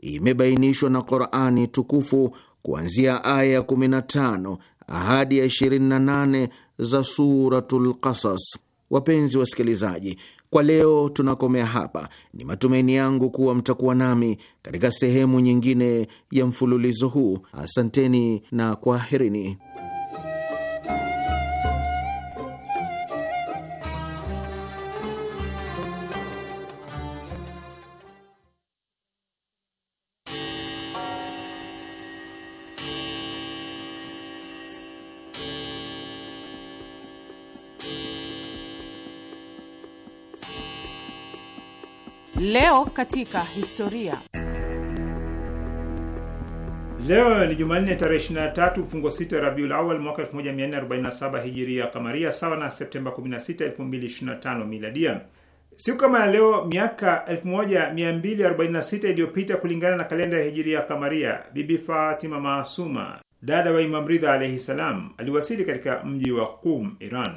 imebainishwa na Qurani tukufu kuanzia aya ya 15 hadi ya 28 za Suratul Qasas. Wapenzi wasikilizaji, kwa leo tunakomea hapa. Ni matumaini yangu kuwa mtakuwa nami katika sehemu nyingine ya mfululizo huu. Asanteni na kwaherini. Leo katika historia. Leo ni Jumanne tarehe 23 mfungo sita Rabiul Awal mwaka 1447 hijiria kamaria, sawa na Septemba 16, 2025 miladia. Siku kama ya leo miaka 1246 iliyopita kulingana na kalenda ya hijiria kamaria, Bibi Fatima Maasuma, dada wa Imam Ridha alaihi salam, aliwasili katika mji wa Qum, Iran.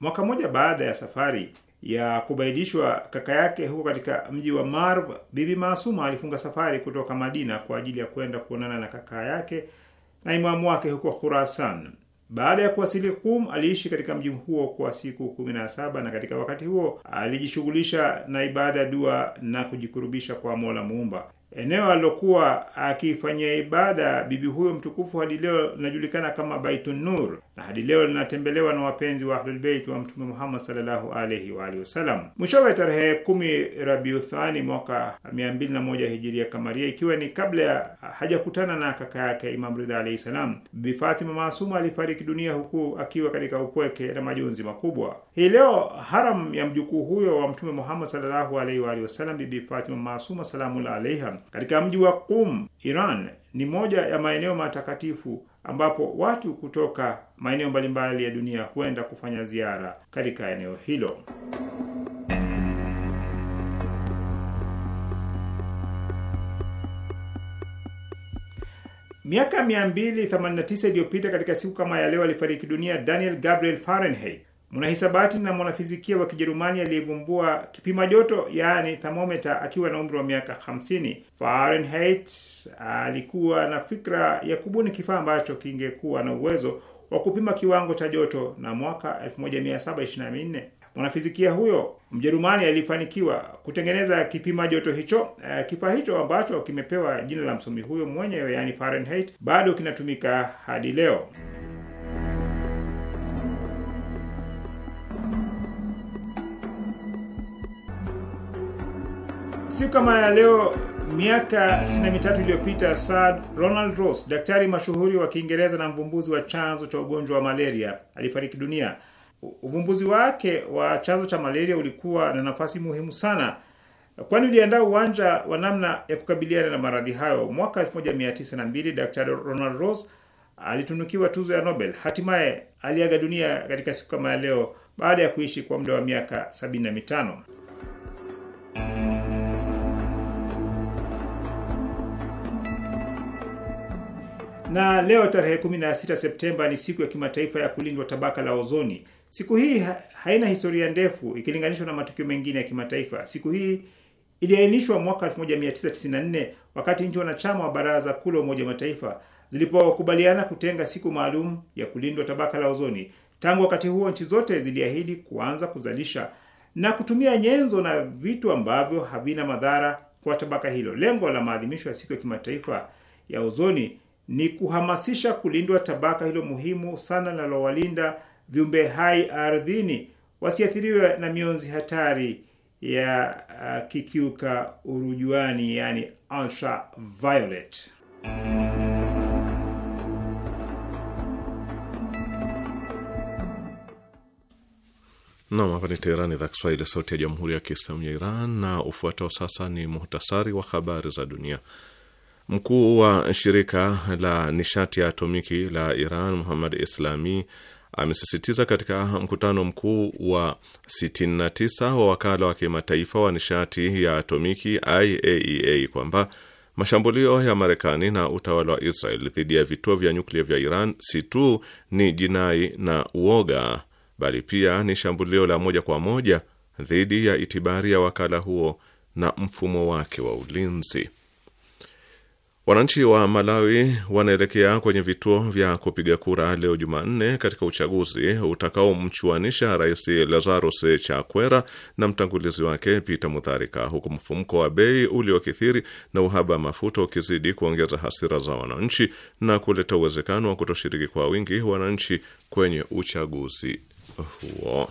Mwaka mmoja baada ya safari ya kubaidishwa kaka yake huko katika mji wa Marv, Bibi Maasuma alifunga safari kutoka Madina kwa ajili ya kwenda kuonana na kaka yake na imamu wake huko Khurasan. Baada ya kuwasili Qum, aliishi katika mji huo kwa siku kumi na saba na katika wakati huo alijishughulisha na ibada, dua na kujikurubisha kwa Mola Muumba. Eneo alilokuwa akifanyia ibada bibi huyo mtukufu hadi leo linajulikana kama Baitun Nur na hadi leo linatembelewa na wapenzi wa Ahlulbeit wa Mtume Muhammad sallallahu alaihi wa alihi wasallam. Mwishowe tarehe kumi Rabiuthani mwaka mia mbili na moja hijiria kamaria, ikiwa ni kabla ya hajakutana na kaka yake Imam Ridha alaihi salam, bibi Fatima Maasuma alifariki dunia huku akiwa katika upweke na majonzi makubwa. Hii leo haram ya mjukuu huyo wa Mtume Muhammad sallallahu alaihi wa alihi wasallam, Bibi Fatima Maasuma salamullah alaiha, katika mji wa Qum, Iran ni moja ya maeneo matakatifu ambapo watu kutoka maeneo mbalimbali ya dunia huenda kufanya ziara katika eneo hilo. Miaka 289 iliyopita katika siku kama ya leo alifariki dunia Daniel Gabriel Fahrenheit, Mwanahisabati na mwanafizikia wa Kijerumani aliyevumbua kipima joto yaani thermometer akiwa na umri wa miaka 50 Fahrenheit. Alikuwa na fikra ya kubuni kifaa ambacho kingekuwa na uwezo wa kupima kiwango cha joto, na mwaka 1724 mwanafizikia huyo Mjerumani alifanikiwa kutengeneza kipima joto hicho. Eh, kifaa hicho ambacho kimepewa jina la msomi huyo mwenyewe, yaani Fahrenheit, bado kinatumika hadi leo. Siku kama ya leo miaka 93 iliyopita Sir Ronald Ross, daktari mashuhuri wa Kiingereza na mvumbuzi wa chanzo cha ugonjwa wa malaria, alifariki dunia. Uvumbuzi wake wa chanzo cha malaria ulikuwa na nafasi muhimu sana, kwani uliandaa uwanja wa namna ya kukabiliana na maradhi hayo. Mwaka 1902 Daktari Ronald Ross alitunukiwa tuzo ya Nobel. Hatimaye aliaga dunia katika siku kama ya leo baada ya kuishi kwa muda wa miaka 75. na leo tarehe 16 Septemba ni siku ya kimataifa ya kulindwa tabaka la ozoni. Siku hii haina historia ndefu ikilinganishwa na matukio mengine ya kimataifa. Siku hii iliainishwa mwaka 1994 wakati nchi wanachama wa Baraza Kuu la Umoja Mataifa zilipokubaliana kutenga siku maalum ya kulindwa tabaka la ozoni. Tangu wakati huo, nchi zote ziliahidi kuanza kuzalisha na kutumia nyenzo na vitu ambavyo havina madhara kwa tabaka hilo. Lengo la maadhimisho ya siku ya kimataifa ya ozoni ni kuhamasisha kulindwa tabaka hilo muhimu sana linalowalinda viumbe hai ardhini wasiathiriwe na mionzi hatari ya uh, kikiuka urujuani, yani ultraviolet. Nam, hapa ni Teherani, idhaa Kiswahili, sauti ya jamhuri ya kiislamu ya Iran. Na ufuatao sasa ni muhtasari wa habari za dunia. Mkuu wa shirika la nishati ya atomiki la Iran Muhammad Islami amesisitiza katika mkutano mkuu wa 69 wa wakala wa kimataifa wa nishati ya atomiki IAEA e kwamba mashambulio ya Marekani na utawala wa Israel dhidi ya vituo vya nyuklia vya Iran si tu ni jinai na uoga, bali pia ni shambulio la moja kwa moja dhidi ya itibari ya wakala huo na mfumo wake wa ulinzi. Wananchi wa Malawi wanaelekea kwenye vituo vya kupiga kura leo Jumanne katika uchaguzi utakaomchuanisha Rais Lazarus Chakwera na mtangulizi wake Peter Mutharika, huku mfumko wa bei uliokithiri na uhaba wa mafuta ukizidi kuongeza hasira za wananchi na kuleta uwezekano wa kutoshiriki kwa wingi wananchi kwenye uchaguzi huo.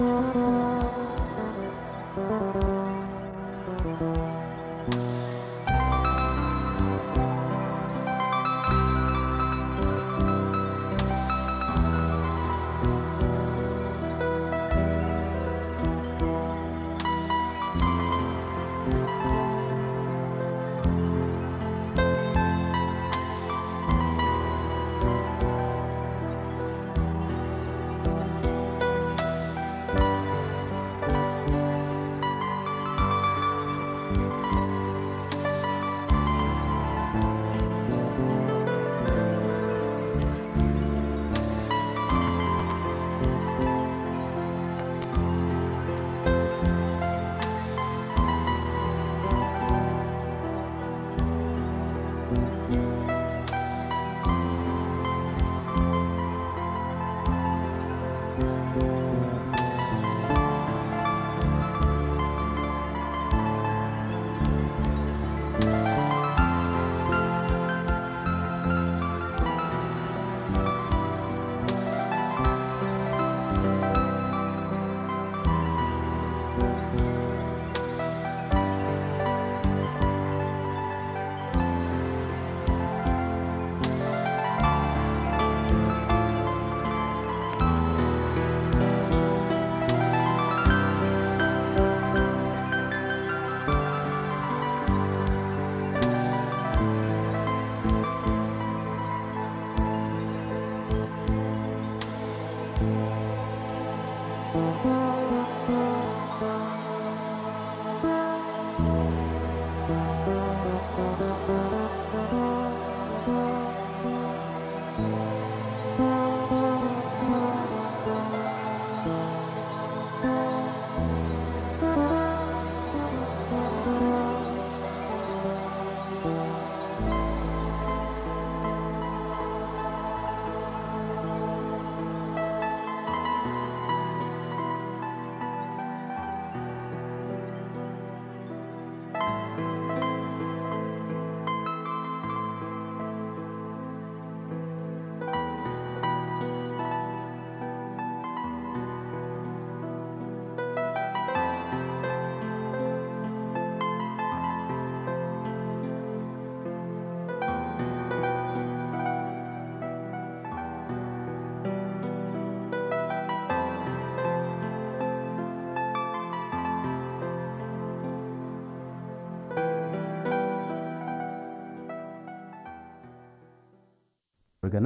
Thank you.